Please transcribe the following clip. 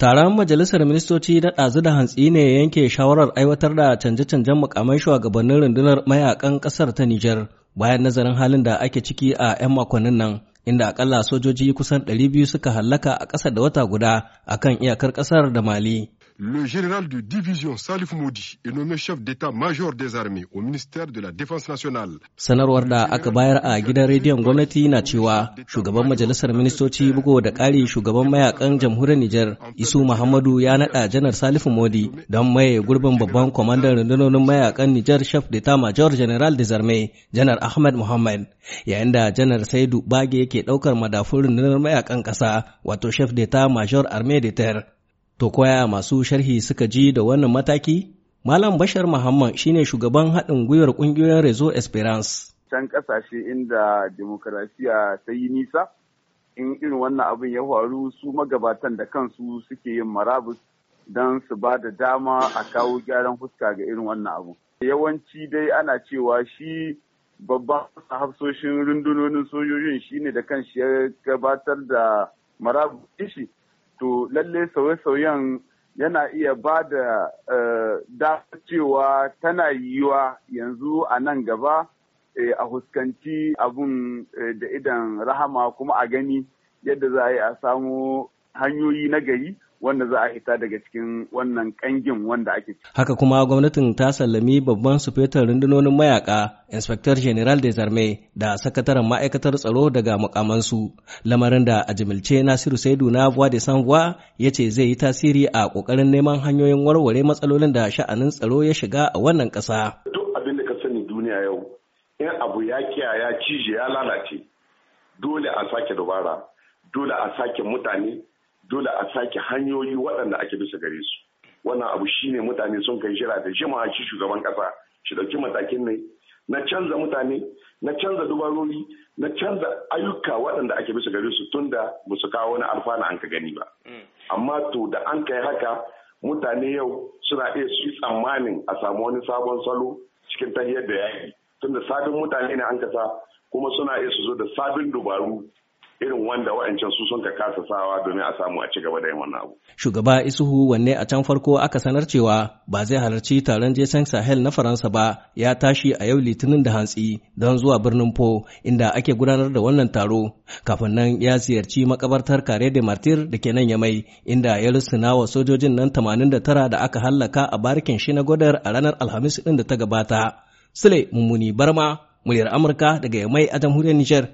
Taron Majalisar Ministoci na ɗazu da hantsi ne yanke shawarar aiwatar da canje-canjen mukamai shugabannin rundunar mayakan ƙasar ta Nijar bayan nazarin halin da ake ciki a 'yan makonnin nan, inda akalla sojoji kusan 200 suka hallaka a ƙasa da wata guda akan iyakar ƙasar da Mali. Le général de division Salif Modi est nommé chef d'état-major des armées au ministère de la Défense nationale. Sanarwar da aka bayar a gidan rediyon gwamnati na cewa shugaban majalisar ministoci bugu da ƙari shugaban mayakan jamhuriyar Nijar Isu Muhammadu ya naɗa janar Salif Modi don maye gurbin babban kwamandan rundunonin mayakan Nijar chef d'état-major général des armées janar Ahmed Mohamed yayin da janar Saidu Bage yake ɗaukar madafun rundunar mayakan ƙasa wato chef d'état-major armée de terre. To koya masu sharhi suka ji da wannan mataki? Malam Bashar Muhammad shine shugaban haɗin gwiwar ƙungiyoyin Rezo Esperance. Can ƙasashe inda demokarasiya ta yi nisa, in irin wannan abin ya faru su magabatan da kansu suke yin marabus don su ba da dama a kawo gyaran fuska ga irin wannan abu. Yawanci dai ana cewa shi babban hafsoshin rundunonin sojojin shine da kanshi ya gabatar da marabus shi to lalle sauye-sauyen yana iya ba da eh, dafa cewa tana yiwa yanzu a nan gaba eh, a huskanci abun eh, da idan rahama kuma a gani yadda za a yi a samu hanyoyi na gari wanda za a hita daga cikin wannan kangin wanda ake ciki. Haka kuma gwamnatin ta sallami babban sufetar rundunonin mayaka, Inspector General de Zarme da sakataren ma'aikatar tsaro daga mukamansu, lamarin da a jimilce Nasiru Saidu na Voix de San ya ce zai yi tasiri a ƙoƙarin neman hanyoyin warware matsalolin da sha'anin tsaro ya shiga a wannan ƙasa. Duk abin da ka sani duniya yau, in abu ya kiyaye ya cije ya lalace, dole a sake dubara, dole a sake mutane, dole a sake hanyoyi waɗanda ake bisa gare su wannan abu shine mutane sun kai jira da jimawa shi shugaban ƙasa shi ɗauki matakin ne na canza mutane na canza dubarori na canza ayyuka waɗanda ake bisa gare su da ba su kawo wani alfana an ka gani ba mm. amma to da an kai haka mutane yau suna iya su tsammanin a samu wani sabon salo cikin tahiyar da yaƙi da sabin mutane ne an sa kuma suna iya su zo da sabin dubaru irin wanda wa'ancan su sun ka kasa sawa domin a samu a ci gaba da yin wannan abu. Shugaba Isuhu wanne a can farko aka sanar cewa ba zai halarci taron jesen Sahel na Faransa ba ya tashi a yau Litinin da hantsi don zuwa birnin Po inda ake gudanar da wannan taro kafin nan ya ziyarci makabartar Kare de Martir da ke nan Yamai inda ya rusuna wa sojojin nan 89 da aka hallaka a barikin shi na godar a ranar Alhamis din da ta gabata. Sule Mummuni Barma, muryar Amurka daga Yamai a jamhuriyar Nijar.